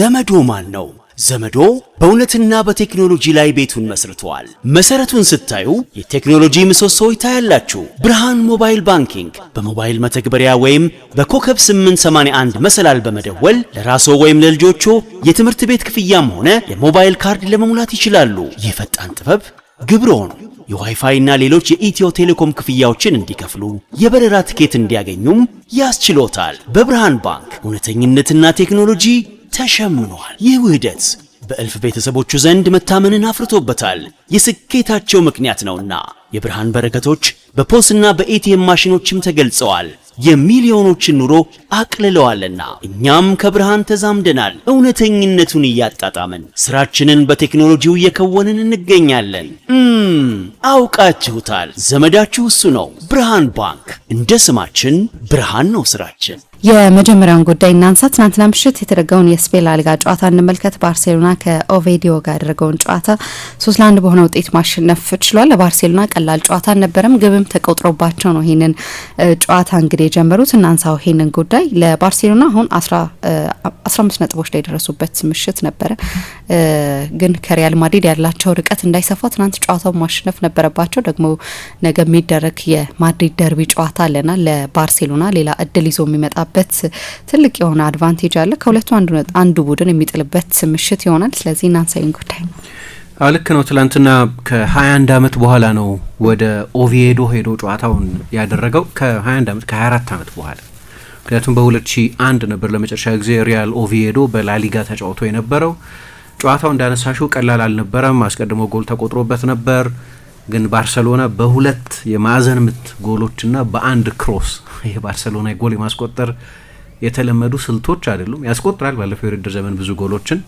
ዘመዶ ማን ነው? ዘመዶ በእውነትና በቴክኖሎጂ ላይ ቤቱን መስርቷል። መሰረቱን ስታዩ የቴክኖሎጂ ምሰሶዎች ታያላችሁ። ብርሃን ሞባይል ባንኪንግ በሞባይል መተግበሪያ ወይም በኮከብ 881 መሰላል በመደወል ለራስዎ ወይም ለልጆቹ የትምህርት ቤት ክፍያም ሆነ የሞባይል ካርድ ለመሙላት ይችላሉ። የፈጣን ፈጣን ጥበብ ግብሮን የዋይፋይ እና ሌሎች የኢትዮ ቴሌኮም ክፍያዎችን እንዲከፍሉ የበረራ ትኬት እንዲያገኙም ያስችሎታል። በብርሃን ባንክ እውነተኝነትና ቴክኖሎጂ ተሸምኗል። ይህ ውህደት በእልፍ ቤተሰቦቹ ዘንድ መታመንን አፍርቶበታል። የስኬታቸው ምክንያት ነውና የብርሃን በረከቶች በፖስና በኤቲኤም ማሽኖችም ተገልጸዋል። የሚሊዮኖችን ኑሮ አቅልለዋልና እኛም ከብርሃን ተዛምደናል። እውነተኝነቱን እያጣጣምን ስራችንን በቴክኖሎጂው እየከወንን እንገኛለን። አውቃችሁታል። ዘመዳችሁ እሱ ነው። ብርሃን ባንክ። እንደ ስማችን ብርሃን ነው ስራችን። የመጀመሪያውን ጉዳይ እናንሳ። ትናንትና ምሽት የተደረገውን የስፔን ላሊጋ ጨዋታ እንመልከት። ባርሴሎና ከኦቬዲዮ ጋር ያደረገውን ጨዋታ ሶስት ለአንድ በሆነ ውጤት ማሸነፍ ችሏል። ለባርሴሎና ቀላል ጨዋታ አልነበረም፣ ግብም ተቆጥሮባቸው ነው ይህንን ጨዋታ እንግዲህ የጀመሩት። እናንሳው ይህንን ጉዳይ ለባርሴሎና አሁን አስራ አምስት ነጥቦች ላይ የደረሱበት ምሽት ነበረ፣ ግን ከሪያል ማድሪድ ያላቸው ርቀት እንዳይሰፋ ትናንት ጨዋታው ማሸነፍ ነበረባቸው። ደግሞ ነገ የሚደረግ የማድሪድ ደርቢ ጨዋታ አለና ለባርሴሎና ሌላ እድል ይዞ የሚመጣ የሚወጣበት ትልቅ የሆነ አድቫንቴጅ አለ። ከሁለቱ አንዱ ቡድን የሚጥልበት ምሽት ይሆናል። ስለዚህ እናንሳዩን ጉዳይ ልክ ነው። ትላንትና ከ21 ዓመት በኋላ ነው ወደ ኦቪዬዶ ሄዶ ጨዋታውን ያደረገው። ከ21 ዓመት ከ24 ዓመት በኋላ ምክንያቱም በ2001 ነበር ለመጨረሻ ጊዜ ሪያል ኦቪዬዶ በላሊጋ ተጫውቶ የነበረው። ጨዋታው እንዳነሳሽው ቀላል አልነበረም። አስቀድሞ ጎል ተቆጥሮበት ነበር። ግን ባርሰሎና በሁለት የማዕዘን ምት ጎሎችና በአንድ ክሮስ የባርሰሎና ጎል የማስቆጠር የተለመዱ ስልቶች አይደሉም። ያስቆጥራል ባለፈው የውድድር ዘመን ብዙ ጎሎችን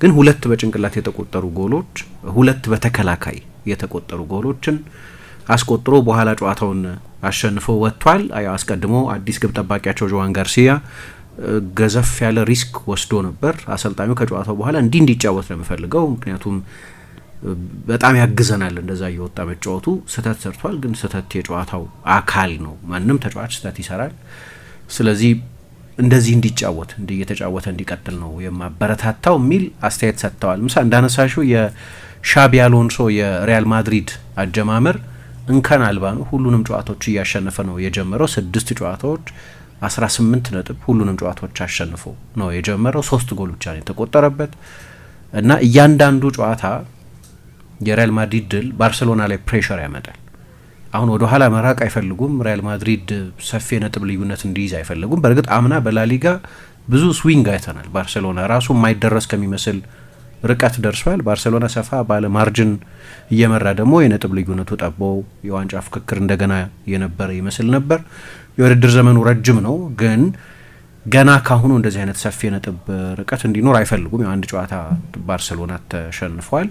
ግን ሁለት በጭንቅላት የተቆጠሩ ጎሎች፣ ሁለት በተከላካይ የተቆጠሩ ጎሎችን አስቆጥሮ በኋላ ጨዋታውን አሸንፎ ወጥቷል። አስቀድሞ አዲስ ግብ ጠባቂያቸው ጆዋን ጋርሲያ ገዘፍ ያለ ሪስክ ወስዶ ነበር። አሰልጣኙ ከጨዋታው በኋላ እንዲህ እንዲጫወት ነው የምፈልገው ምክንያቱም በጣም ያግዘናል። እንደዛ እየወጣ መጫወቱ ስህተት ሰርቷል፣ ግን ስህተት የጨዋታው አካል ነው። ማንም ተጫዋች ስህተት ይሰራል። ስለዚህ እንደዚህ እንዲጫወት እንዲ እየተጫወተ እንዲቀጥል ነው የማበረታታው የሚል አስተያየት ሰጥተዋል። ምሳ እንዳነሳሽው የሻቢ አሎንሶ የሪያል ማድሪድ አጀማመር እንከን አልባ ነው። ሁሉንም ጨዋታዎች እያሸነፈ ነው የጀመረው። ስድስት ጨዋታዎች 18 ነጥብ፣ ሁሉንም ጨዋታዎች አሸንፎ ነው የጀመረው። ሶስት ጎል ብቻ ነው የተቆጠረበት እና እያንዳንዱ ጨዋታ የሪያል ማድሪድ ድል ባርሰሎና ላይ ፕሬሸር ያመጣል። አሁን ወደ ኋላ መራቅ አይፈልጉም። ሪያል ማድሪድ ሰፊ የነጥብ ልዩነት እንዲይዝ አይፈልጉም። በእርግጥ አምና በላሊጋ ብዙ ስዊንግ አይተናል። ባርሴሎና ራሱ የማይደረስ ከሚመስል ርቀት ደርሷል። ባርሴሎና ሰፋ ባለ ማርጅን እየመራ ደግሞ የነጥብ ልዩነቱ ጠቦ የዋንጫ ፍክክር እንደገና የነበረ ይመስል ነበር። የውድድር ዘመኑ ረጅም ነው፣ ግን ገና ካሁኑ እንደዚህ አይነት ሰፊ የነጥብ ርቀት እንዲኖር አይፈልጉም። የአንድ ጨዋታ ባርሴሎና ተሸንፏል።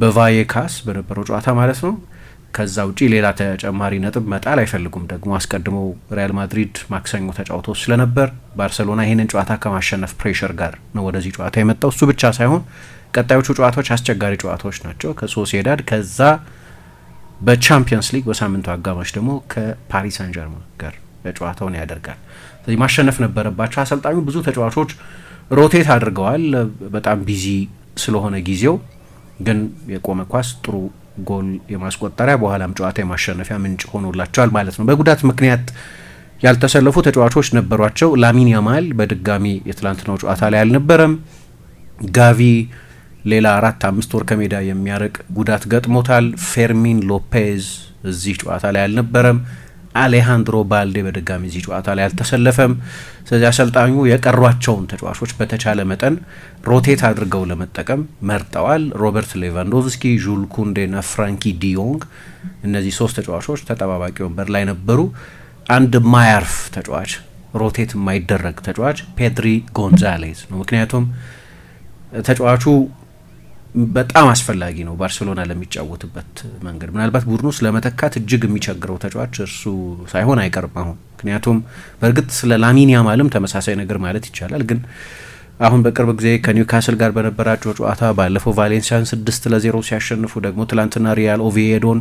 በቫየካስ በነበረው ጨዋታ ማለት ነው። ከዛ ውጪ ሌላ ተጨማሪ ነጥብ መጣል አይፈልጉም። ደግሞ አስቀድሞ ሪያል ማድሪድ ማክሰኞ ተጫውቶ ስለነበር ባርሰሎና ይህንን ጨዋታ ከማሸነፍ ፕሬሽር ጋር ነው ወደዚህ ጨዋታ የመጣው። እሱ ብቻ ሳይሆን ቀጣዮቹ ጨዋታዎች አስቸጋሪ ጨዋታዎች ናቸው። ከሶሲዳድ ከዛ በቻምፒየንስ ሊግ በሳምንቱ አጋማሽ ደግሞ ከፓሪስ ሳን ጀርማን ጋር ጨዋታውን ያደርጋል። ስለዚህ ማሸነፍ ነበረባቸው። አሰልጣኙ ብዙ ተጫዋቾች ሮቴት አድርገዋል። በጣም ቢዚ ስለሆነ ጊዜው ግን የቆመ ኳስ ጥሩ ጎል የማስቆጠሪያ በኋላም ጨዋታ የማሸነፊያ ምንጭ ሆኖላቸዋል ማለት ነው። በጉዳት ምክንያት ያልተሰለፉ ተጫዋቾች ነበሯቸው። ላሚን ያማል በድጋሚ የትላንትናው ጨዋታ ላይ አልነበረም። ጋቪ ሌላ አራት አምስት ወር ከሜዳ የሚያርቅ ጉዳት ገጥሞታል። ፌርሚን ሎፔዝ እዚህ ጨዋታ ላይ አልነበረም። አሌሃንድሮ ባልዴ በድጋሚ እዚህ ጨዋታ ላይ አልተሰለፈም። ስለዚህ አሰልጣኙ የቀሯቸውን ተጫዋቾች በተቻለ መጠን ሮቴት አድርገው ለመጠቀም መርጠዋል። ሮበርት ሌቫንዶቭስኪ፣ ዡል ኩንዴ ና ፍራንኪ ዲዮንግ እነዚህ ሶስት ተጫዋቾች ተጠባባቂ ወንበር ላይ ነበሩ። አንድ ማያርፍ ተጫዋች ሮቴት የማይደረግ ተጫዋች ፔድሪ ጎንዛሌዝ ነው። ምክንያቱም ተጫዋቹ በጣም አስፈላጊ ነው። ባርሴሎና ለሚጫወትበት መንገድ ምናልባት ቡድኑ ውስጥ ለመተካት እጅግ የሚቸግረው ተጫዋች እርሱ ሳይሆን አይቀርም አሁን። ምክንያቱም በእርግጥ ስለ ላሚን ያማልም ተመሳሳይ ነገር ማለት ይቻላል። ግን አሁን በቅርብ ጊዜ ከኒውካስል ጋር በነበራቸው ጨዋታ ባለፈው ቫሌንሲያን ስድስት ለዜሮ ሲያሸንፉ፣ ደግሞ ትላንትና ሪያል ኦቪዬዶን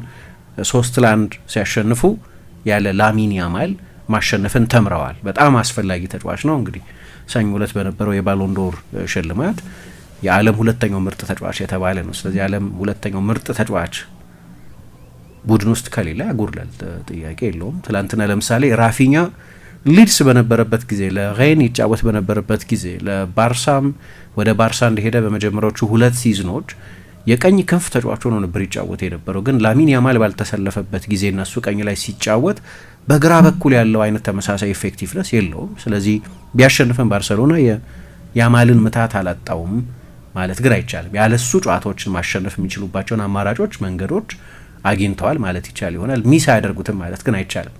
ሶስት ለአንድ ሲያሸንፉ ያለ ላሚን ያማል ማሸነፍን ተምረዋል። በጣም አስፈላጊ ተጫዋች ነው። እንግዲህ ሰኞ ዕለት በነበረው የባሎንዶር ሽልማት የዓለም ሁለተኛው ምርጥ ተጫዋች የተባለ ነው። ስለዚህ የዓለም ሁለተኛው ምርጥ ተጫዋች ቡድን ውስጥ ከሌለ ያጉድላል፣ ጥያቄ የለውም። ትላንትና ለምሳሌ ራፊኛ ሊድስ በነበረበት ጊዜ ለሬን ይጫወት በነበረበት ጊዜ ለባርሳም ወደ ባርሳ እንደሄደ በመጀመሪያዎቹ ሁለት ሲዝኖች የቀኝ ክንፍ ተጫዋች ሆኖ ነበር ይጫወት የነበረው። ግን ላሚን ያማል ባልተሰለፈበት ጊዜ እነሱ ቀኝ ላይ ሲጫወት በግራ በኩል ያለው አይነት ተመሳሳይ ኤፌክቲቭነስ የለውም። ስለዚህ ቢያሸንፈን ባርሰሎና የያማልን ምታት አላጣውም። ማለት ግን አይቻልም። ያለሱ ጨዋታዎችን ማሸነፍ የሚችሉባቸውን አማራጮች፣ መንገዶች አግኝተዋል ማለት ይቻል ይሆናል። ሚስ አያደርጉትም ማለት ግን አይቻልም።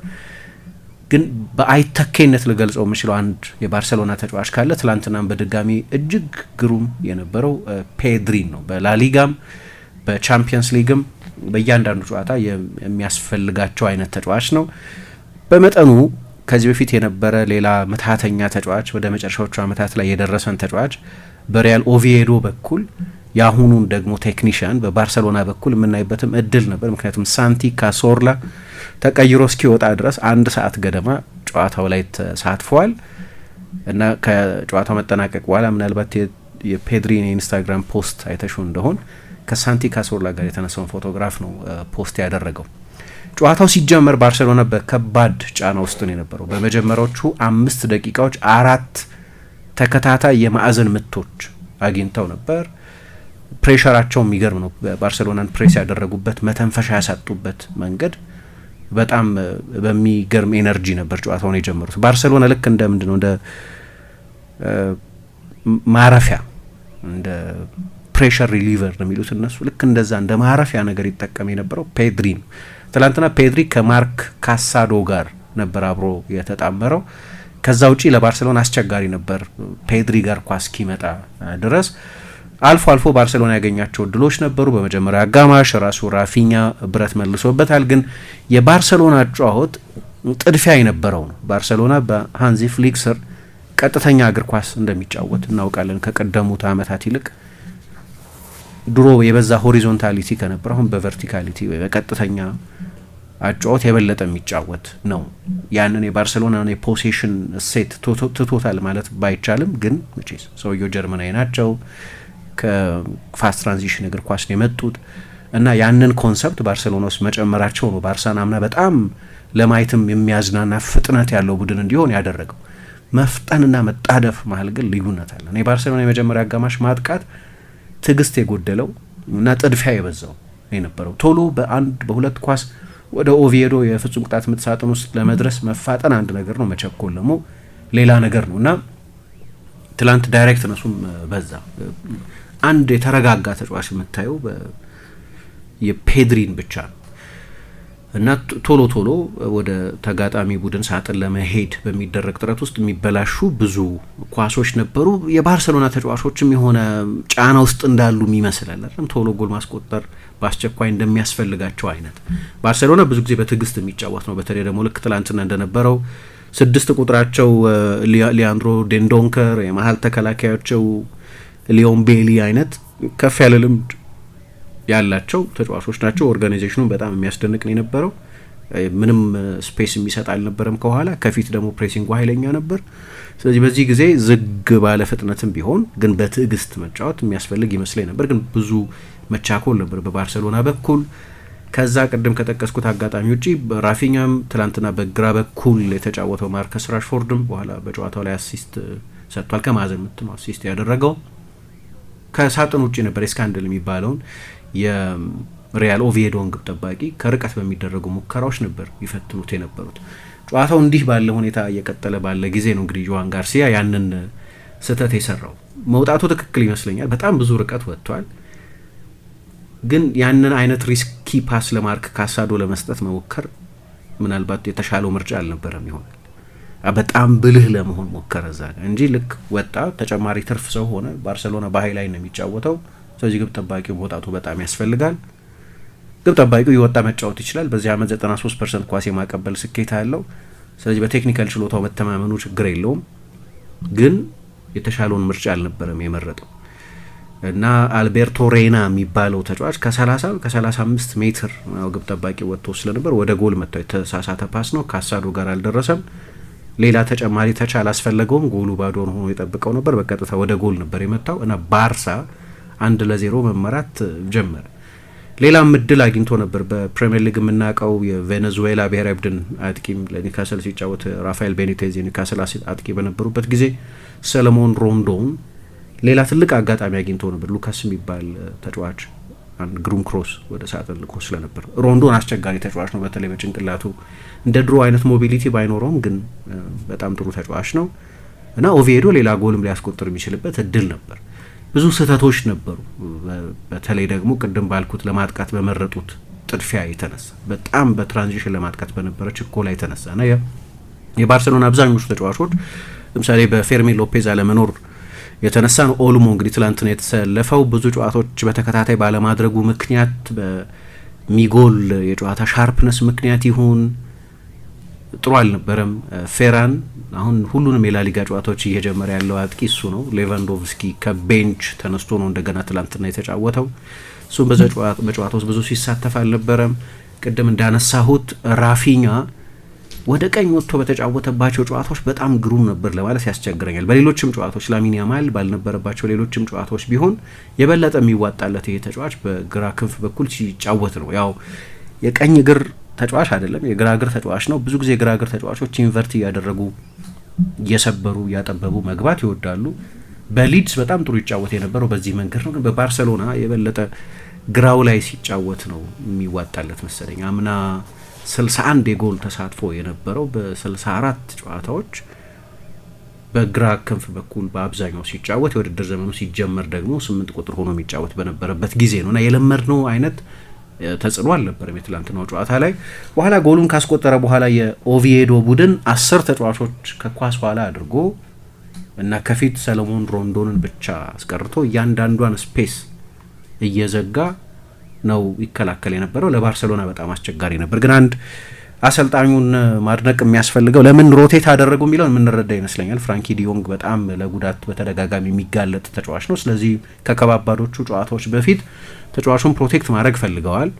ግን በአይተኬነት ልገልጸው የምችለው አንድ የባርሰሎና ተጫዋች ካለ ትላንትናም በድጋሚ እጅግ ግሩም የነበረው ፔድሪን ነው። በላሊጋም በቻምፒየንስ ሊግም በእያንዳንዱ ጨዋታ የሚያስፈልጋቸው አይነት ተጫዋች ነው። በመጠኑ ከዚህ በፊት የነበረ ሌላ ምትሃተኛ ተጫዋች ወደ መጨረሻዎቹ ዓመታት ላይ የደረሰን ተጫዋች በሪያል ኦቪዬዶ በኩል የአሁኑን ደግሞ ቴክኒሽያን በባርሰሎና በኩል የምናይበትም እድል ነበር። ምክንያቱም ሳንቲ ካሶርላ ተቀይሮ እስኪወጣ ድረስ አንድ ሰዓት ገደማ ጨዋታው ላይ ተሳትፈዋል እና ከጨዋታው መጠናቀቅ በኋላ ምናልባት የፔድሪን የኢንስታግራም ፖስት አይተሹ እንደሆን ከሳንቲ ካሶርላ ጋር የተነሳውን ፎቶግራፍ ነው ፖስት ያደረገው። ጨዋታው ሲጀመር ባርሰሎና በከባድ ጫና ውስጥ ነው የነበረው። በመጀመሪያዎቹ አምስት ደቂቃዎች አራት ተከታታይ የማዕዘን ምቶች አግኝተው ነበር። ፕሬሸራቸው የሚገርም ነው። ባርሴሎናን ፕሬስ ያደረጉበት መተንፈሻ ያሳጡበት መንገድ በጣም በሚገርም ኤነርጂ ነበር ጨዋታውን የጀመሩት። ባርሴሎና ልክ እንደ ምንድን ነው እንደ ማረፊያ እንደ ፕሬሸር ሪሊቨር የሚሉት እነሱ። ልክ እንደዛ እንደ ማረፊያ ነገር ይጠቀም የነበረው ፔድሪ ነው። ትላንትና ፔድሪ ከማርክ ካሳዶ ጋር ነበር አብሮ የተጣመረው። ከዛ ውጪ ለባርሴሎና አስቸጋሪ ነበር ፔድሪ ጋር ኳስ እስኪመጣ ድረስ። አልፎ አልፎ ባርሴሎና ያገኛቸው እድሎች ነበሩ። በመጀመሪያ አጋማሽ ራሱ ራፊኛ ብረት መልሶበታል። ግን የባርሴሎና ጨዋወት ጥድፊያ የነበረው ነው። ባርሴሎና በሃንዚ ፍሊክ ስር ቀጥተኛ እግር ኳስ እንደሚጫወት እናውቃለን። ከቀደሙት ዓመታት ይልቅ ድሮ የበዛ ሆሪዞንታሊቲ ከነበረ አሁን በቨርቲካሊቲ ወይ በቀጥተኛ አጫወት የበለጠ የሚጫወት ነው። ያንን የባርሴሎናን የፖሴሽን ሴት ትቶታል ማለት ባይቻልም፣ ግን መቼስ ሰውየው ጀርመናዊ ናቸው ከፋስት ትራንዚሽን እግር ኳስ ነው የመጡት እና ያንን ኮንሰፕት ባርሴሎና ውስጥ መጨመራቸው ነው ባርሳን አምና በጣም ለማየትም የሚያዝናና ፍጥነት ያለው ቡድን እንዲሆን ያደረገው። መፍጠንና መጣደፍ መሀል ግን ልዩነት አለ። የባርሴሎና የመጀመሪያ አጋማሽ ማጥቃት ትዕግስት የጎደለው እና ጥድፊያ የበዛው የነበረው ቶሎ በአንድ በሁለት ኳስ ወደ ኦቪዶ የፍጹም ቅጣት ምት ሳጥን ውስጥ ለመድረስ መፋጠን አንድ ነገር ነው፣ መቸኮል ደግሞ ሌላ ነገር ነው እና ትላንት ዳይሬክት ነሱም በዛ አንድ የተረጋጋ ተጫዋች የምታየው የፔድሪን ብቻ ነው እና ቶሎ ቶሎ ወደ ተጋጣሚ ቡድን ሳጥን ለመሄድ በሚደረግ ጥረት ውስጥ የሚበላሹ ብዙ ኳሶች ነበሩ። የባርሰሎና ተጫዋቾችም የሆነ ጫና ውስጥ እንዳሉ ይመስላል። ቶሎ ጎል ማስቆጠር በአስቸኳይ እንደሚያስፈልጋቸው አይነት ባርሴሎና ብዙ ጊዜ በትዕግስት የሚጫወት ነው። በተለይ ደግሞ ልክ ትላንትና እንደነበረው ስድስት ቁጥራቸው ሊያንድሮ ዴንዶንከር፣ የመሀል ተከላካያቸው ሊዮን ቤሊ አይነት ከፍ ያለ ልምድ ያላቸው ተጫዋቾች ናቸው። ኦርጋናይዜሽኑን በጣም የሚያስደንቅ ነው የነበረው። ምንም ስፔስ የሚሰጥ አልነበረም ከኋላ። ከፊት ደግሞ ፕሬሲንጉ ኃይለኛ ነበር። ስለዚህ በዚህ ጊዜ ዝግ ባለ ፍጥነትም ቢሆን ግን በትዕግስት መጫወት የሚያስፈልግ ይመስለኝ ነበር ግን ብዙ መቻኮል ነበር በባርሴሎና በኩል። ከዛ ቅድም ከጠቀስኩት አጋጣሚ ውጪ ራፊኛም ትላንትና በግራ በኩል የተጫወተው ማርከስ ራሽፎርድም በኋላ በጨዋታው ላይ አሲስት ሰጥቷል። ከማዘን ምት ነው አሲስት ያደረገው። ከሳጥን ውጭ ነበር የስካንድል የሚባለውን የሪያል ኦቪዬዶን ግብ ጠባቂ ከርቀት በሚደረጉ ሙከራዎች ነበር ይፈትኑት የነበሩት። ጨዋታው እንዲህ ባለ ሁኔታ እየቀጠለ ባለ ጊዜ ነው እንግዲህ ጆዋን ጋርሲያ ያንን ስህተት የሰራው። መውጣቱ ትክክል ይመስለኛል። በጣም ብዙ ርቀት ወጥቷል። ግን ያንን አይነት ሪስኪ ፓስ ለማርክ ካሳዶ ለመስጠት መሞከር ምናልባት የተሻለው ምርጫ አልነበረም ይሆናል። በጣም ብልህ ለመሆን ሞከረ እዛ ጋር እንጂ ልክ ወጣ ተጨማሪ ትርፍ ሰው ሆነ። ባርሰሎና በሀይ ላይ ነው የሚጫወተው። ስለዚህ ግብ ጠባቂው መውጣቱ በጣም ያስፈልጋል። ግብ ጠባቂው የወጣ መጫወት ይችላል። በዚህ ዓመት 93 ፐርሰንት ኳስ የማቀበል ስኬት አለው። ስለዚህ በቴክኒካል ችሎታው መተማመኑ ችግር የለውም። ግን የተሻለውን ምርጫ አልነበረም የመረጠው። እና አልቤርቶ ሬና የሚባለው ተጫዋች ከ30 ከ35 ሜትር ግብ ጠባቂ ወጥቶ ስለነበር ወደ ጎል መጥተው የተሳሳተ ፓስ ነው። ካሳዶ ጋር አልደረሰም። ሌላ ተጨማሪ ተች አላስፈለገውም። ጎሉ ባዶን ሆኖ የጠብቀው ነበር። በቀጥታ ወደ ጎል ነበር የመታው እና ባርሳ አንድ ለዜሮ መመራት ጀመረ። ሌላም እድል አግኝቶ ነበር። በፕሪምየር ሊግ የምናውቀው የቬኔዙዌላ ብሔራዊ ቡድን አጥቂም ለኒካስል ሲጫወት ራፋኤል ቤኒቴዝ የኒካስል አጥቂ በነበሩበት ጊዜ ሰለሞን ሮንዶን ሌላ ትልቅ አጋጣሚ አግኝቶ ነበር። ሉካስ የሚባል ተጫዋች አንድ ግሩም ክሮስ ወደ ሳጥን ልኮ ስለነበር ሮንዶን አስቸጋሪ ተጫዋች ነው። በተለይ በጭንቅላቱ እንደ ድሮ አይነት ሞቢሊቲ ባይኖረውም ግን በጣም ጥሩ ተጫዋች ነው እና ኦቪዶ ሌላ ጎልም ሊያስቆጥር የሚችልበት እድል ነበር። ብዙ ስህተቶች ነበሩ። በተለይ ደግሞ ቅድም ባልኩት ለማጥቃት በመረጡት ጥድፊያ የተነሳ በጣም በትራንዚሽን ለማጥቃት በነበረ ችኮላ የተነሳ ና የባርሴሎና አብዛኞቹ ተጫዋቾች ለምሳሌ በፌርሚን ሎፔዝ አለመኖር የተነሳ ነው። ኦልሞ እንግዲህ ትላንት ነው የተሰለፈው። ብዙ ጨዋታዎች በተከታታይ ባለማድረጉ ምክንያት በሚጎል የጨዋታ ሻርፕነስ ምክንያት ይሁን ጥሩ አልነበረም። ፌራን አሁን ሁሉንም የላሊጋ ጨዋታዎች እየጀመረ ያለው አጥቂ እሱ ነው። ሌቫንዶቭስኪ ከቤንች ተነስቶ ነው እንደገና ትላንትና የተጫወተው። እሱም በጨዋታ ውስጥ ብዙ ሲሳተፍ አልነበረም። ቅድም እንዳነሳሁት ራፊኛ ወደ ቀኝ ወጥቶ በተጫወተባቸው ጨዋታዎች በጣም ግሩም ነበር ለማለት ያስቸግረኛል። በሌሎችም ጨዋታዎች ላሚን ያማል ባልነበረባቸው ሌሎችም ጨዋታዎች ቢሆን የበለጠ የሚዋጣለት ይሄ ተጫዋች በግራ ክንፍ በኩል ሲጫወት ነው። ያው የቀኝ እግር ተጫዋች አይደለም፣ የግራ እግር ተጫዋች ነው። ብዙ ጊዜ የግራ እግር ተጫዋቾች ኢንቨርት እያደረጉ እየሰበሩ እያጠበቡ መግባት ይወዳሉ። በሊድስ በጣም ጥሩ ይጫወት የነበረው በዚህ መንገድ ነው። ግን በባርሰሎና የበለጠ ግራው ላይ ሲጫወት ነው የሚዋጣለት መሰለኝ አምና 61 የጎል ተሳትፎ የነበረው በ64 ጨዋታዎች በግራ ክንፍ በኩል በአብዛኛው ሲጫወት የውድድር ዘመኑ ሲጀመር ደግሞ ስምንት ቁጥር ሆኖ የሚጫወት በነበረበት ጊዜ ነው እና የለመድነው አይነት ተጽዕኖ አልነበረም የትላንትናው ጨዋታ ላይ። በኋላ ጎሉን ካስቆጠረ በኋላ የኦቪዬዶ ቡድን አስር ተጫዋቾች ከኳስ ኋላ አድርጎ እና ከፊት ሰለሞን ሮንዶንን ብቻ አስቀርቶ እያንዳንዷን ስፔስ እየዘጋ ነው ይከላከል የነበረው። ለባርሰሎና በጣም አስቸጋሪ ነበር። ግን አንድ አሰልጣኙን ማድነቅ የሚያስፈልገው ለምን ሮቴት አደረጉ የሚለውን የምንረዳ ይመስለኛል። ፍራንኪ ዲዮንግ በጣም ለጉዳት በተደጋጋሚ የሚጋለጥ ተጫዋች ነው። ስለዚህ ከከባባዶቹ ጨዋታዎች በፊት ተጫዋቹን ፕሮቴክት ማድረግ ፈልገዋል።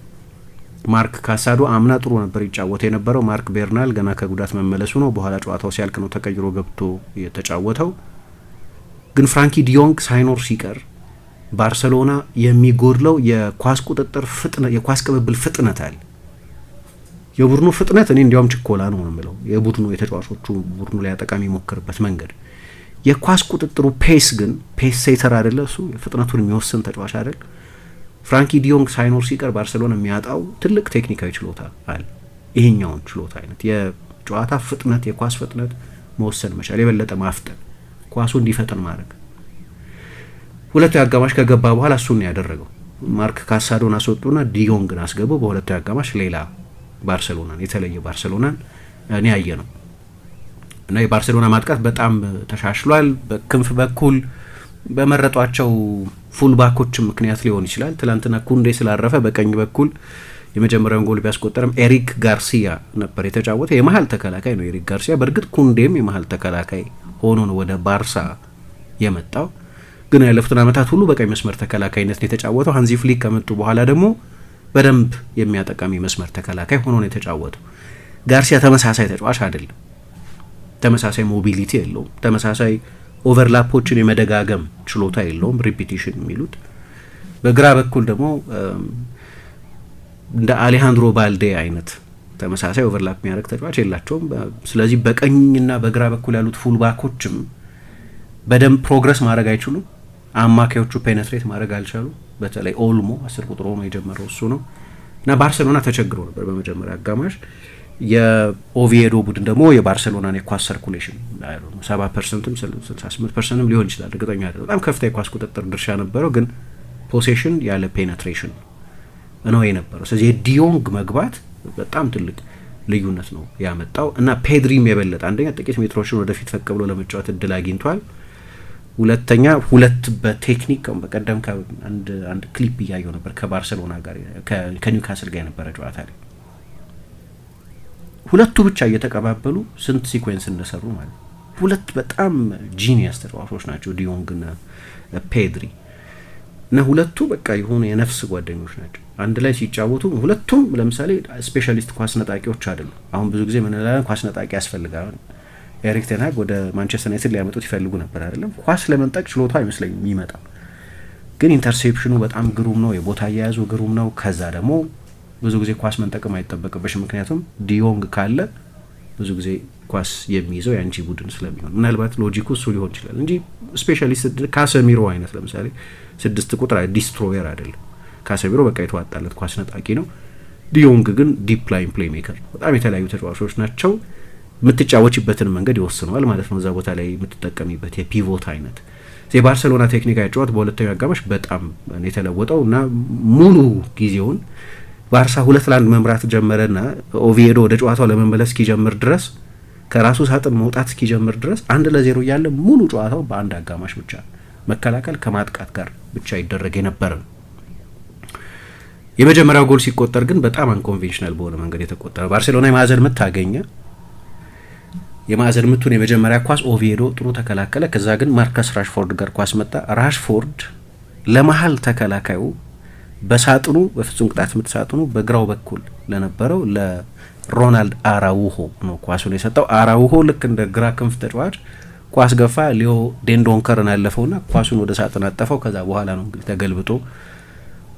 ማርክ ካሳዶ አምና ጥሩ ነበር ይጫወት የነበረው። ማርክ ቤርናል ገና ከጉዳት መመለሱ ነው። በኋላ ጨዋታው ሲያልቅ ነው ተቀይሮ ገብቶ የተጫወተው። ግን ፍራንኪ ዲዮንግ ሳይኖር ሲቀር ባርሰሎና የሚጎድለው የኳስ ቁጥጥር ፍጥነት፣ የኳስ ቅብብል ፍጥነት አለ። የቡድኑ ፍጥነት እኔ እንዲያውም ችኮላ ነው የምለው። የቡድኑ የተጫዋቾቹ ቡድኑ ላይ አጠቃሚ የሚሞክርበት መንገድ የኳስ ቁጥጥሩ ፔስ ግን ፔስ ሴተር አይደለ፣ እሱ ፍጥነቱን የሚወስን ተጫዋች አይደል። ፍራንኪ ዲዮንግ ሳይኖር ሲቀር ባርሰሎና የሚያጣው ትልቅ ቴክኒካዊ ችሎታ አለ። ይሄኛውን ችሎታ አይነት የጨዋታ ፍጥነት፣ የኳስ ፍጥነት መወሰን መቻል፣ የበለጠ ማፍጠን፣ ኳሱ እንዲፈጥን ማድረግ ሁለቱ አጋማሽ ከገባ በኋላ እሱን ያደረገው ማርክ ካሳዶን አስወጡና ዲዮንግን አስገቡ። በሁለቱ አጋማሽ ሌላ ባርሴሎናን የተለየ ባርሴሎናን እኔ ያየ ነው እና የባርሴሎና ማጥቃት በጣም ተሻሽሏል። በክንፍ በኩል በመረጧቸው ፉልባኮችም ምክንያት ሊሆን ይችላል። ትላንትና ኩንዴ ስላረፈ በቀኝ በኩል የመጀመሪያውን ጎል ቢያስቆጠርም ኤሪክ ጋርሲያ ነበር የተጫወተ። የመሀል ተከላካይ ነው ኤሪክ ጋርሲያ። በእርግጥ ኩንዴም የመሀል ተከላካይ ሆኖ ነው ወደ ባርሳ የመጣው። ግን ያለፉትን ዓመታት ሁሉ በቀኝ መስመር ተከላካይነት ነው የተጫወተው። ሃንዚ ፍሊክ ከመጡ በኋላ ደግሞ በደንብ የሚያጠቃሚ መስመር ተከላካይ ሆኖ ነው የተጫወተው። ጋርሲያ ተመሳሳይ ተጫዋች አይደለም። ተመሳሳይ ሞቢሊቲ የለውም። ተመሳሳይ ኦቨርላፖችን የመደጋገም ችሎታ የለውም። ሪፒቲሽን የሚሉት በግራ በኩል ደግሞ እንደ አሌሃንድሮ ባልዴ አይነት ተመሳሳይ ኦቨርላፕ የሚያደርግ ተጫዋች የላቸውም። ስለዚህ በቀኝና በግራ በኩል ያሉት ፉልባኮችም በደንብ ፕሮግረስ ማድረግ አይችሉም። አማካዮቹ ፔነትሬት ማድረግ አልቻሉ። በተለይ ኦልሞ አስር ቁጥር ሆኖ የጀመረው እሱ ነው እና ባርሴሎና ተቸግሮ ነበር በመጀመሪያ አጋማሽ። የኦቪዬዶ ቡድን ደግሞ የባርሴሎናን የኳስ ሰርኩሌሽን ሰባ ፐርሰንትም ስልሳ ስምንት ፐርሰንትም ሊሆን ይችላል እርግጠኛ በጣም ከፍታ የኳስ ቁጥጥር ድርሻ ነበረው፣ ግን ፖሴሽን ያለ ፔኔትሬሽን ነው የነበረው። ስለዚህ የዲዮንግ መግባት በጣም ትልቅ ልዩነት ነው ያመጣው እና ፔድሪም የበለጠ አንደኛ ጥቂት ሜትሮችን ወደፊት ፈቅ ብሎ ለመጫወት እድል አግኝቷል። ሁለተኛ ሁለት በቴክኒክ በቀደም አንድ አንድ ክሊፕ እያየው ነበር ከባርሰሎና ጋር ከኒውካስል ጋር የነበረ ጨዋታ ላይ ሁለቱ ብቻ እየተቀባበሉ ስንት ሲኮንስ እንደሰሩ ማለት ነው። ሁለት በጣም ጂኒየስ ተጫዋቾች ናቸው ዲዮንግና ፔድሪ እና ሁለቱ በቃ የሆኑ የነፍስ ጓደኞች ናቸው። አንድ ላይ ሲጫወቱ ሁለቱም ለምሳሌ ስፔሻሊስት ኳስ ነጣቂዎች አይደሉም። አሁን ብዙ ጊዜ ምንላለን ኳስ ነጣቂ ያስፈልጋል ኤሪክ ቴንሃግ ወደ ማንቸስተር ዩናይትድ ሊያመጡት ይፈልጉ ነበር አይደለም። ኳስ ለመንጠቅ ችሎታ አይመስለኝም የሚመጣ ግን ኢንተርሴፕሽኑ በጣም ግሩም ነው። የቦታ አያያዙ ግሩም ነው። ከዛ ደግሞ ብዙ ጊዜ ኳስ መንጠቅም አይጠበቅበሽ፣ ምክንያቱም ዲዮንግ ካለ ብዙ ጊዜ ኳስ የሚይዘው የአንቺ ቡድን ስለሚሆን ምናልባት ሎጂኩ እሱ ሊሆን ይችላል እንጂ ስፔሻሊስት ካሰሚሮ አይነት ለምሳሌ ስድስት ቁጥር ዲስትሮየር አይደለም። ካሰሚሮ በቃ የተዋጣለት ኳስ ነጣቂ ነው። ዲዮንግ ግን ዲፕ ላይን ፕሌይ ሜከር በጣም የተለያዩ ተጫዋቾች ናቸው። የምትጫወችበትን መንገድ ይወስነዋል ማለት ነው። እዛ ቦታ ላይ የምትጠቀሚበት የፒቮት አይነት የባርሰሎና ቴክኒካዊ ጨዋት በሁለተኛው አጋማሽ በጣም የተለወጠው እና ሙሉ ጊዜውን ባርሳ ሁለት ለአንድ መምራት ጀመረና ኦቪዬዶ ወደ ጨዋታው ለመመለስ እስኪጀምር ድረስ ከራሱ ሳጥን መውጣት እስኪጀምር ድረስ አንድ ለዜሮ እያለ ሙሉ ጨዋታው በአንድ አጋማሽ ብቻ መከላከል ከማጥቃት ጋር ብቻ ይደረግ የነበረ የመጀመሪያው ጎል ሲቆጠር ግን በጣም አንኮንቬንሽናል በሆነ መንገድ የተቆጠረ ባርሴሎና የማዕዘን ምት አገኘ። የማዕዘን ምቱን የመጀመሪያ ኳስ ኦቪዶ ጥሩ ተከላከለ። ከዛ ግን ማርከስ ራሽፎርድ ጋር ኳስ መጣ። ራሽፎርድ ለመሀል ተከላካዩ በሳጥኑ በፍጹም ቅጣት ምት ሳጥኑ በግራው በኩል ለነበረው ለሮናልድ አራውሆ ነው ኳሱን የሰጠው። አራውሆ ልክ እንደ ግራ ክንፍ ተጫዋች ኳስ ገፋ፣ ሊዮ ዴንዶንከርን አለፈውና ኳሱን ወደ ሳጥን አጠፈው። ከዛ በኋላ ነው እንግዲህ ተገልብጦ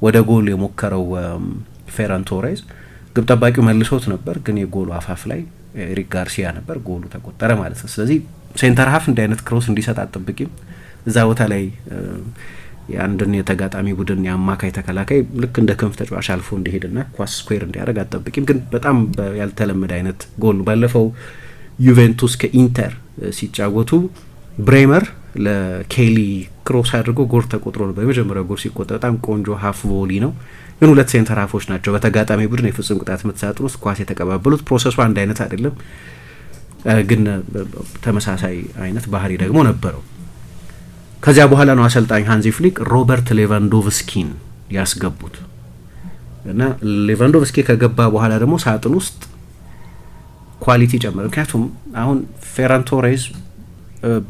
ወደ ጎል የሞከረው ፌራን ቶሬዝ። ግብ ጠባቂው መልሶት ነበር፣ ግን የጎሉ አፋፍ ላይ ኤሪክ ጋርሲያ ነበር። ጎሉ ተቆጠረ ማለት ነው። ስለዚህ ሴንተር ሀፍ እንዲህ አይነት ክሮስ እንዲሰጥ አጠብቂም። እዛ ቦታ ላይ የአንድን የተጋጣሚ ቡድን የአማካይ ተከላካይ ልክ እንደ ክንፍ ተጫዋች አልፎ እንዲሄድና ኳስ ስኩዌር እንዲያደርግ አጠብቂም። ግን በጣም ያልተለመደ አይነት ጎል ነው። ባለፈው ዩቬንቱስ ከኢንተር ሲጫወቱ ብሬመር ለኬሊ ክሮስ አድርጎ ጎር ተቆጥሮ ነበር። የመጀመሪያው ጎር ሲቆጠር በጣም ቆንጆ ሀፍ ቮሊ ነው፣ ግን ሁለት ሴንተር ሀፎች ናቸው በተጋጣሚ ቡድን የፍጹም ቅጣት ምት ሳጥን ውስጥ ኳስ የተቀባበሉት። ፕሮሰሱ አንድ አይነት አይደለም፣ ግን ተመሳሳይ አይነት ባህሪ ደግሞ ነበረው። ከዚያ በኋላ ነው አሰልጣኝ ሀንዚ ፍሊክ ሮበርት ሌቫንዶቭስኪን ያስገቡት እና ሌቫንዶቭስኪ ከገባ በኋላ ደግሞ ሳጥን ውስጥ ኳሊቲ ጨመረ። ምክንያቱም አሁን ፌራን ቶሬዝ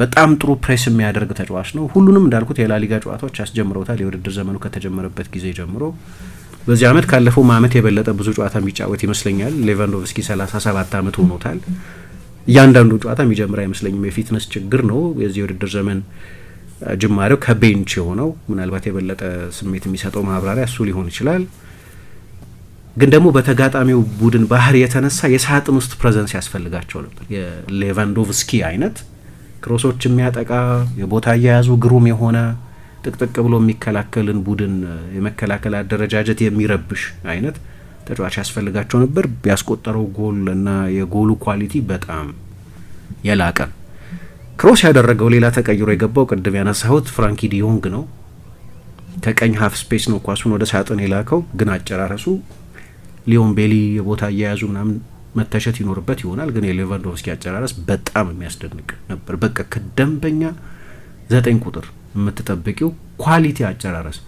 በጣም ጥሩ ፕሬስ የሚያደርግ ተጫዋች ነው። ሁሉንም እንዳልኩት የላሊጋ ጨዋታዎች ያስጀምረውታል። የውድድር ዘመኑ ከተጀመረበት ጊዜ ጀምሮ በዚህ አመት ካለፈው ዓመት የበለጠ ብዙ ጨዋታ የሚጫወት ይመስለኛል። ሌቫንዶቭስኪ 37 ዓመት ሆኖታል። እያንዳንዱ ጨዋታ የሚጀምር አይመስለኝም። የፊትነስ ችግር ነው የዚህ የውድድር ዘመን ጅማሬው ከቤንች የሆነው ምናልባት የበለጠ ስሜት የሚሰጠው ማብራሪያ እሱ ሊሆን ይችላል። ግን ደግሞ በተጋጣሚው ቡድን ባህር የተነሳ የሳጥን ውስጥ ፕሬዘንስ ያስፈልጋቸው ነበር የሌቫንዶቭስኪ አይነት ክሮሶች የሚያጠቃ የቦታ አያያዙ ግሩም የሆነ ጥቅጥቅ ብሎ የሚከላከልን ቡድን የመከላከል አደረጃጀት የሚረብሽ አይነት ተጫዋች ያስፈልጋቸው ነበር። ያስቆጠረው ጎል እና የጎሉ ኳሊቲ በጣም የላቀ ክሮስ ያደረገው ሌላ ተቀይሮ የገባው ቅድም ያነሳሁት ፍራንኪ ዲዮንግ ነው። ከቀኝ ሀፍ ስፔስ ነው ኳሱን ወደ ሳጥን የላከው፣ ግን አጨራረሱ ሊዮን ቤሊ የቦታ አያያዙ ምናምን መተሸት ይኖርበት ይሆናል። ግን የሌቫንዶቭስኪ አጨራረስ በጣም የሚያስደንቅ ነበር። በቃ ከደንበኛ ዘጠኝ ቁጥር የምትጠብቂው ኳሊቲ አጨራረስ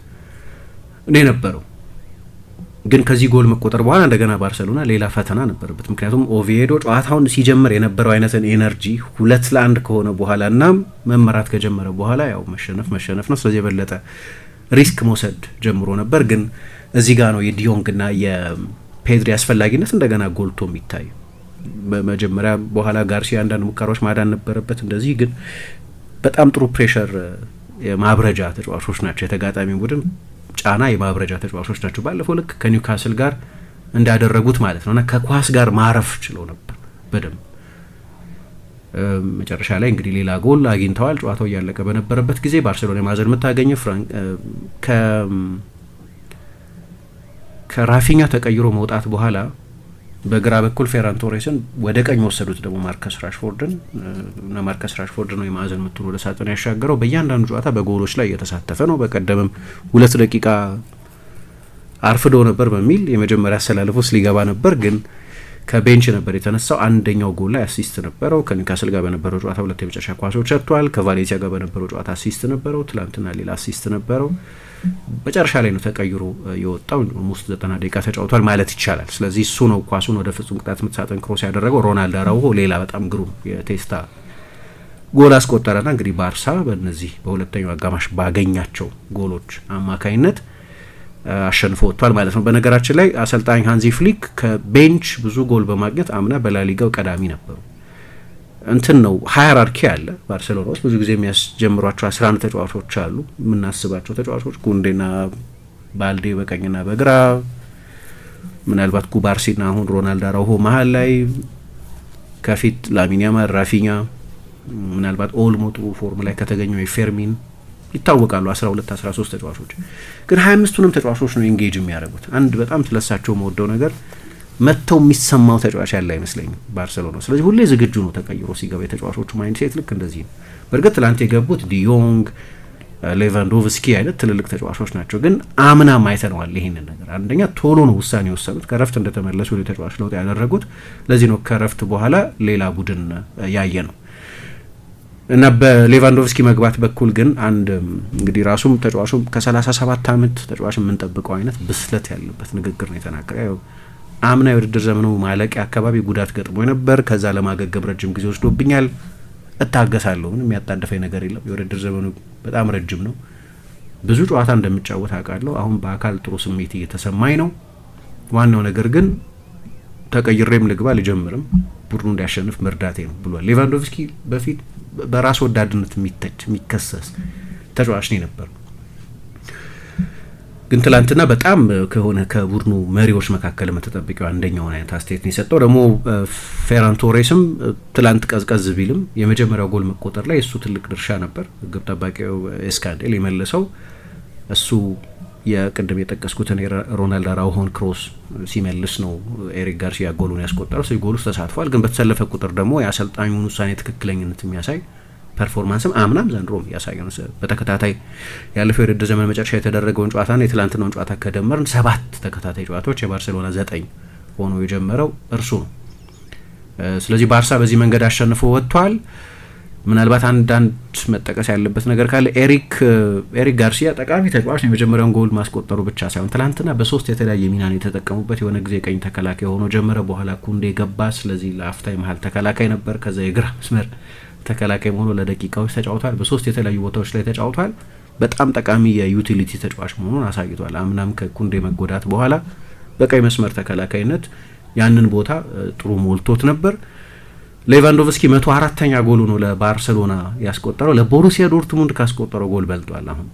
እኔ ነበረው። ግን ከዚህ ጎል መቆጠር በኋላ እንደገና ባርሰሎና ሌላ ፈተና ነበረበት። ምክንያቱም ኦቪዬዶ ጨዋታውን ሲጀምር የነበረው አይነትን ኤነርጂ ሁለት ለአንድ ከሆነ በኋላ እና መመራት ከጀመረ በኋላ ያው መሸነፍ መሸነፍ ነው። ስለዚህ የበለጠ ሪስክ መውሰድ ጀምሮ ነበር። ግን እዚህ ጋር ነው የዲዮንግና ፔድሪ አስፈላጊነት እንደገና ጎልቶ የሚታይ በመጀመሪያ በኋላ ጋርሲያ አንዳንድ ሙከራዎች ማዳን ነበረበት። እንደዚህ ግን በጣም ጥሩ ፕሬሸር የማብረጃ ተጫዋቾች ናቸው። የተጋጣሚ ቡድን ጫና የማብረጃ ተጫዋቾች ናቸው። ባለፈው ልክ ከኒውካስል ጋር እንዳደረጉት ማለት ነው እና ከኳስ ጋር ማረፍ ችለው ነበር በደንብ መጨረሻ ላይ እንግዲህ ሌላ ጎል አግኝተዋል። ጨዋታው እያለቀ በነበረበት ጊዜ ባርሴሎና የማዕዘን የምታገኘው ከራፊኛ ተቀይሮ መውጣት በኋላ በግራ በኩል ፌራን ቶሬስን ወደ ቀኝ ወሰዱት። ደግሞ ማርከስ ራሽፎርድን እና ማርከስ ራሽፎርድ ነው የማዕዘን ምቱን ወደ ሳጥን ያሻገረው። በእያንዳንዱ ጨዋታ በጎሎች ላይ እየተሳተፈ ነው። በቀደምም ሁለት ደቂቃ አርፍዶ ነበር በሚል የመጀመሪያ አሰላለፍ ውስጥ ሊገባ ነበር ግን ከቤንች ነበር የተነሳው። አንደኛው ጎል ላይ አሲስት ነበረው። ከኒውካስል ጋር በነበረው ጨዋታ ሁለት የመጨረሻ ኳሶች ሰጥቷል። ከቫሌንሲያ ጋር በነበረው ጨዋታ አሲስት ነበረው። ትላንትና ሌላ አሲስት ነበረው። መጨረሻ ላይ ነው ተቀይሮ የወጣው። ሙስ ዘጠና ደቂቃ ተጫውቷል ማለት ይቻላል። ስለዚህ እሱ ነው ኳሱን ወደ ፍጹም ቅጣት ምት ሳጥን ክሮስ ያደረገው። ሮናልድ አራውሆ ሌላ በጣም ግሩም የቴስታ ጎል አስቆጠረና እንግዲህ ባርሳ በእነዚህ በሁለተኛው አጋማሽ ባገኛቸው ጎሎች አማካኝነት። አሸንፎ ወጥቷል ማለት ነው። በነገራችን ላይ አሰልጣኝ ሃንዚ ፍሊክ ከቤንች ብዙ ጎል በማግኘት አምና በላሊጋው ቀዳሚ ነበሩ። እንትን ነው ሃይራርኪ አለ ባርሴሎና ውስጥ ብዙ ጊዜ የሚያስጀምሯቸው አስራ አንድ ተጫዋቾች አሉ። የምናስባቸው ተጫዋቾች ጉንዴና ባልዴ በቀኝና በግራ ምናልባት ኩባርሲና አሁን ሮናልድ አራውሆ መሀል ላይ ከፊት ላሚን ያማል፣ ራፊኛ ምናልባት ኦልሞ ጥሩ ፎርም ላይ ከተገኘው የፌርሚን ይታወቃሉ። 12 13 ተጫዋቾች ግን 25ቱንም ተጫዋቾች ነው ኢንጌጅ የሚያደርጉት። አንድ በጣም ስለሳቸው መወደው ነገር መጥተው የሚሰማው ተጫዋች ያለ አይመስለኝም ባርሴሎና። ስለዚህ ሁሌ ዝግጁ ነው ተቀይሮ ሲገባ። የተጫዋቾቹ ማይንድሴት ልክ እንደዚህ ነው። በእርግጥ ትላንት የገቡት ዲዮንግ፣ ሌቫንዶቭስኪ አይነት ትልልቅ ተጫዋቾች ናቸው። ግን አምና ማይተነዋል ይህንን ነገር። አንደኛ ቶሎ ነው ውሳኔ የወሰኑት ከረፍት እንደተመለሱ ተጫዋች ለውጥ ያደረጉት። ለዚህ ነው ከረፍት በኋላ ሌላ ቡድን ያየ ነው። እና በሌቫንዶቭስኪ መግባት በኩል ግን አንድ እንግዲህ ራሱም ተጫዋቹ ከ37 ዓመት ተጫዋች የምንጠብቀው አይነት ብስለት ያለበት ንግግር ነው የተናገረ። ያው አምና የውድድር ዘመኑ ማለቂያ አካባቢ ጉዳት ገጥሞ ነበር። ከዛ ለማገገብ ረጅም ጊዜ ወስዶብኛል። እታገሳለሁ። ምንም የሚያጣደፈኝ ነገር የለም። የውድድር ዘመኑ በጣም ረጅም ነው። ብዙ ጨዋታ እንደምጫወት አውቃለሁ። አሁን በአካል ጥሩ ስሜት እየተሰማኝ ነው። ዋናው ነገር ግን ተቀይሬም ልግባ ልጀምርም ቡድኑ እንዲያሸንፍ መርዳቴ ነው ብሏል ሌቫንዶቭስኪ በፊት በራስ ወዳድነት የሚተች የሚከሰስ ተጫዋች ነው የነበሩ። ግን ትላንትና በጣም ከሆነ ከቡድኑ መሪዎች መካከል መተጠበቂው አንደኛውን አይነት አስተያየት ነው የሰጠው። ደግሞ ፌራን ቶሬስም ትላንት ቀዝቀዝ ቢልም የመጀመሪያው ጎል መቆጠር ላይ እሱ ትልቅ ድርሻ ነበር። ግብ ጠባቂው ኤስካንዴል የመለሰው እሱ የቅድም የጠቀስኩትን ሮናልድ አራውሆን ክሮስ ሲመልስ ነው ኤሪክ ጋርሲያ ጎሉን ያስቆጠረው። ስለዚህ ጎል ውስጥ ተሳትፏል። ግን በተሰለፈ ቁጥር ደግሞ የአሰልጣኙን ውሳኔ ትክክለኝነት የሚያሳይ ፐርፎርማንስም አምናም ዘንድሮም ያሳየ ነው። በተከታታይ ያለፈው የውድድር ዘመን መጨረሻ የተደረገውን ጨዋታና የትላንትናውን ጨዋታ ከደመርን ሰባት ተከታታይ ጨዋታዎች የባርሴሎና ዘጠኝ ሆኖ የጀመረው እርሱ ነው። ስለዚህ ባርሳ በዚህ መንገድ አሸንፎ ወጥቷል። ምናልባት አንዳንድ መጠቀስ ያለበት ነገር ካለ ኤሪክ ኤሪክ ጋርሲያ ጠቃሚ ተጫዋች ነው። የመጀመሪያውን ጎል ማስቆጠሩ ብቻ ሳይሆን ትላንትና በሶስት የተለያየ ሚና ነው የተጠቀሙበት። የሆነ ጊዜ ቀኝ ተከላካይ ሆኖ ጀመረ፣ በኋላ ኩንዴ ገባ። ስለዚህ ለአፍታ መሀል ተከላካይ ነበር። ከዛ የግራ መስመር ተከላካይ መሆኑ ለደቂቃዎች ተጫውቷል። በሶስት የተለያዩ ቦታዎች ላይ ተጫውቷል። በጣም ጠቃሚ የዩቲሊቲ ተጫዋች መሆኑን አሳይቷል። አምናም ከኩንዴ መጎዳት በኋላ በቀኝ መስመር ተከላካይነት ያንን ቦታ ጥሩ ሞልቶት ነበር። ሌቫንዶቭስኪ መቶ አራተኛ ጎሉ ነው ለባርሰሎና ያስቆጠረው። ለቦሩሲያ ዶርትሙንድ ካስቆጠረው ጎል በልጧል። አሁን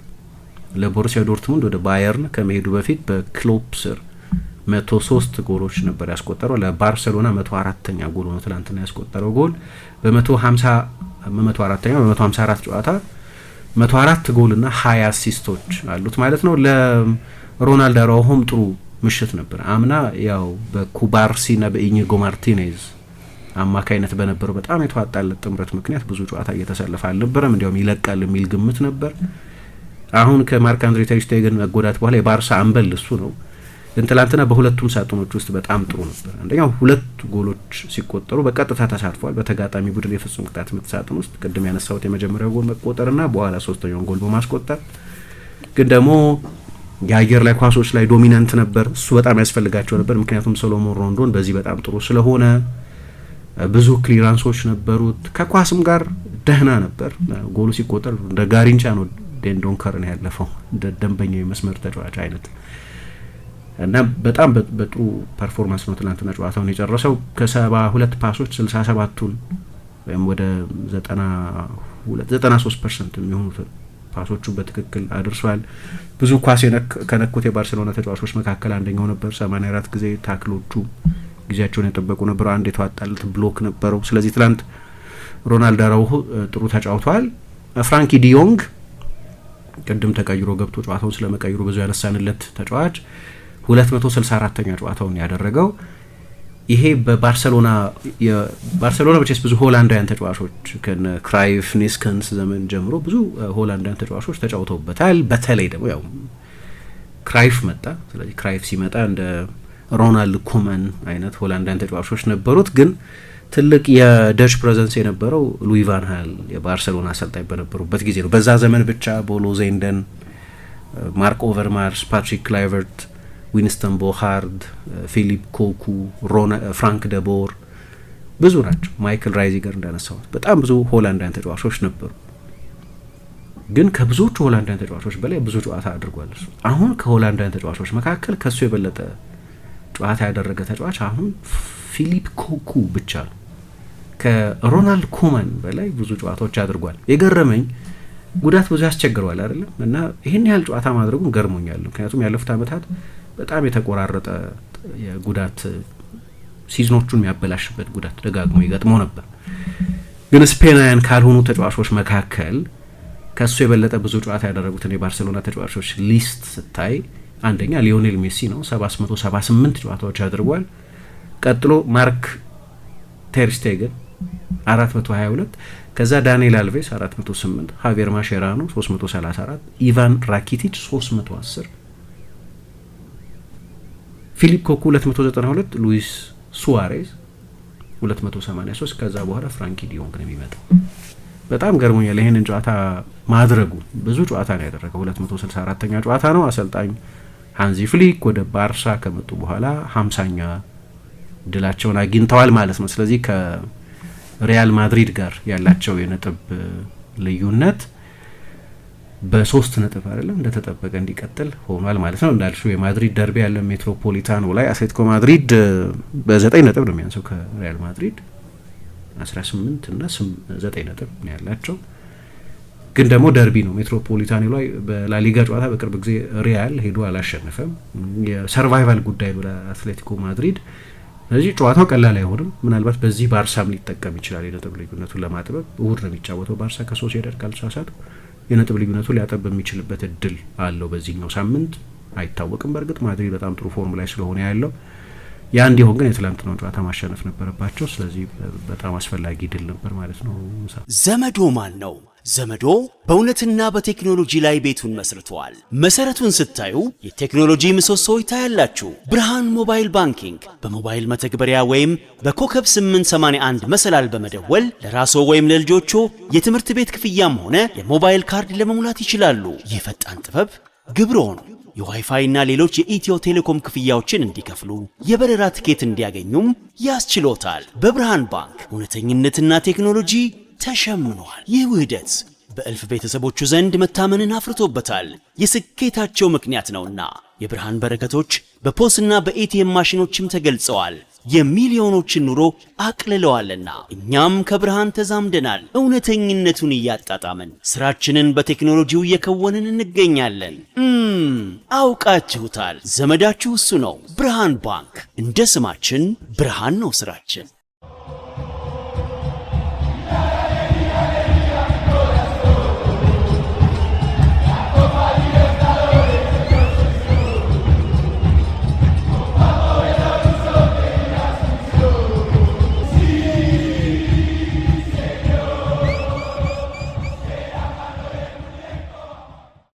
ለቦሩሲያ ዶርትሙንድ ወደ ባየርን ከመሄዱ በፊት በክሎፕ ስር መቶ ሶስት ጎሎች ነበር ያስቆጠረው። ለባርሰሎና መቶ አራተኛ ጎሉ ነው ትላንትና ያስቆጠረው ጎል በመቶ ሀምሳ መቶ አራተኛ በመቶ ሀምሳ አራት ጨዋታ መቶ አራት ጎልና ሀያ አሲስቶች አሉት ማለት ነው። ለሮናልድ አራውሆም ጥሩ ምሽት ነበር። አምና ያው በኩባርሲና በኢኒጎ ማርቲኔዝ አማካይነት በነበረው በጣም የተዋጣለት ጥምረት ምክንያት ብዙ ጨዋታ እየተሰለፈ አልነበረም። እንዲያውም ይለቃል የሚል ግምት ነበር። አሁን ከማርክ አንድሬ ተር ስቴገን መጎዳት በኋላ የባርሳ አምበል እሱ ነው። ግን ትላንትና በሁለቱም ሳጥኖች ውስጥ በጣም ጥሩ ነበር። አንደኛው ሁለት ጎሎች ሲቆጠሩ በቀጥታ ተሳትፏል። በተጋጣሚ ቡድን የፍጹም ቅጣት ምት ሳጥን ውስጥ ቅድም ያነሳሁት የመጀመሪያው ጎል መቆጠርና በኋላ ሶስተኛውን ጎል በማስቆጠር ግን ደግሞ የአየር ላይ ኳሶች ላይ ዶሚናንት ነበር። እሱ በጣም ያስፈልጋቸው ነበር። ምክንያቱም ሰሎሞን ሮንዶን በዚህ በጣም ጥሩ ስለሆነ ብዙ ክሊራንሶች ነበሩት። ከኳስም ጋር ደህና ነበር። ጎሉ ሲቆጠር እንደ ጋሪንቻ ነው ነው ያለፈው እንደ ደንበኛው የመስመር ተጫዋች አይነት እና በጣም በጥሩ ፐርፎርማንስ ነው ትናንትና ጨዋታውን የጨረሰው። ከሰባ ሁለት ፓሶች ስልሳ ሰባቱን ወይም ወደ ዘጠና ሶስት ፐርሰንት የሚሆኑትን ፓሶቹ በትክክል አድርሷል። ብዙ ኳስ ከነኩት የባርሴሎና ተጫዋቾች መካከል አንደኛው ነበር። አራት ጊዜ ታክሎቹ ጊዜያቸውን የጠበቁ ነበሩ። አንድ የተዋጣለት ብሎክ ነበረው። ስለዚህ ትላንት ሮናልድ አራውሁ ጥሩ ተጫውተዋል። ፍራንኪ ዲዮንግ ቅድም ተቀይሮ ገብቶ ጨዋታውን ስለመቀይሩ ብዙ ያነሳንለት ተጫዋች 264ኛ ጨዋታውን ያደረገው ይሄ በባርሰሎና ባርሰሎና በቼስ ብዙ ሆላንዳውያን ተጫዋቾች ከነ ክራይፍ ኔስከንስ ዘመን ጀምሮ ብዙ ሆላንዳውያን ተጫዋቾች ተጫውተውበታል። በተለይ ደግሞ ያው ክራይፍ መጣ። ስለዚህ ክራይፍ ሲመጣ እንደ ሮናልድ ኩመን አይነት ሆላንዳን ተጫዋቾች ነበሩት። ግን ትልቅ የደች ፕሬዘንስ የነበረው ሉዊ ቫን የባርሰሎና አሰልጣኝ በነበሩበት ጊዜ ነው። በዛ ዘመን ብቻ ቦሎ ዜንደን፣ ማርክ ኦቨርማርስ፣ ፓትሪክ ክላይቨርት፣ ዊንስተን ቦሃርድ፣ ፊሊፕ ኮኩ፣ ፍራንክ ደቦር ብዙ ናቸው። ማይክል ራይዚገር እንዳነሳው በጣም ብዙ ሆላንዳን ተጫዋቾች ነበሩ። ግን ከብዙዎቹ ሆላንዳን ተጫዋቾች በላይ ብዙ ጨዋታ አድርጓል። እሱ አሁን ከሆላንዳን ተጫዋቾች መካከል ከሱ የበለጠ ጨዋታ ያደረገ ተጫዋች አሁን ፊሊፕ ኮኩ ብቻ ነው። ከሮናልድ ኮመን በላይ ብዙ ጨዋታዎች አድርጓል። የገረመኝ ጉዳት ብዙ ያስቸግረዋል አይደለም እና ይህን ያህል ጨዋታ ማድረጉን ገርሞኛል። ምክንያቱም ያለፉት ዓመታት በጣም የተቆራረጠ የጉዳት ሲዝኖቹን የሚያበላሽበት ጉዳት ደጋግሞ ይገጥመው ነበር። ግን ስፔናውያን ካልሆኑ ተጫዋቾች መካከል ከእሱ የበለጠ ብዙ ጨዋታ ያደረጉትን የባርሴሎና ተጫዋቾች ሊስት ስታይ አንደኛ ሊዮኔል ሜሲ ነው 778 ጨዋታዎች አድርጓል። ቀጥሎ ማርክ ቴርስቴገን 422 ከዛ ዳንኤል አልቬስ 408 ሃቬር ማሼራኖ 334 ኢቫን ራኪቲች 310 ፊሊፕ ኮኩ 292 ሉዊስ ሱዋሬዝ 283 ከዛ በኋላ ፍራንኪ ዲዮንግ ነው የሚመጣው። በጣም ገርሞኛል ይህንን ጨዋታ ማድረጉ። ብዙ ጨዋታ ነው ያደረገው። 264ኛ ጨዋታ ነው አሰልጣኝ ሃንዚ ፍሊክ ወደ ባርሳ ከመጡ በኋላ ሀምሳኛ ድላቸውን አግኝተዋል ማለት ነው። ስለዚህ ከሪያል ማድሪድ ጋር ያላቸው የነጥብ ልዩነት በሶስት ነጥብ አይደለም እንደተጠበቀ እንዲቀጥል ሆኗል ማለት ነው። እንዳልሹ የማድሪድ ደርቢ ያለ ሜትሮፖሊታኖ ላይ አትሌቲኮ ማድሪድ በዘጠኝ ነጥብ ነው የሚያንሰው ከሪያል ማድሪድ 18 እና ዘጠኝ ነጥብ ነው ያላቸው። ግን ደግሞ ደርቢ ነው ሜትሮፖሊታኒ ላይ በላሊጋ ጨዋታ በቅርብ ጊዜ ሪያል ሄዶ አላሸነፈም። የሰርቫይቫል ጉዳይ ነው ለአትሌቲኮ ማድሪድ። ስለዚህ ጨዋታው ቀላል አይሆንም። ምናልባት በዚህ ባርሳም ሊጠቀም ይችላል የነጥብ ልዩነቱን ለማጥበብ። እሁድ ነው የሚጫወተው ባርሳ ሄደር ካልሳሳት የነጥብ ልዩነቱ ሊያጠብ የሚችልበት እድል አለው በዚህኛው ሳምንት። አይታወቅም። በእርግጥ ማድሪድ በጣም ጥሩ ፎርም ላይ ስለሆነ ያለው ያ እንዲሆን ግን የትላንትናው ጨዋታ ማሸነፍ ነበረባቸው። ስለዚህ በጣም አስፈላጊ ድል ነበር ማለት ነው። ዘመዶ ማን ነው? ዘመዶ በእውነትና በቴክኖሎጂ ላይ ቤቱን መስርተዋል። መሰረቱን ስታዩ የቴክኖሎጂ ምሰሶዎች ታያላችሁ። ብርሃን ሞባይል ባንኪንግ በሞባይል መተግበሪያ ወይም በኮከብ 881 መሰላል በመደወል ለራስዎ ወይም ለልጆቹ የትምህርት ቤት ክፍያም ሆነ የሞባይል ካርድ ለመሙላት ይችላሉ። የፈጣን ጥበብ ግብሮን የዋይፋይ እና ሌሎች የኢትዮ ቴሌኮም ክፍያዎችን እንዲከፍሉ የበረራ ትኬት እንዲያገኙም ያስችሎታል። በብርሃን ባንክ እውነተኝነትና ቴክኖሎጂ ተሸምኗል። ይህ ውህደት በእልፍ ቤተሰቦቹ ዘንድ መታመንን አፍርቶበታል። የስኬታቸው ምክንያት ነውና የብርሃን በረከቶች በፖስና በኤቲኤም ማሽኖችም ተገልጸዋል። የሚሊዮኖችን ኑሮ አቅልለዋልና እኛም ከብርሃን ተዛምደናል። እውነተኝነቱን እያጣጣምን ስራችንን በቴክኖሎጂው እየከወንን እንገኛለን። አውቃችሁታል። ዘመዳችሁ እሱ ነው። ብርሃን ባንክ። እንደ ስማችን ብርሃን ነው ስራችን።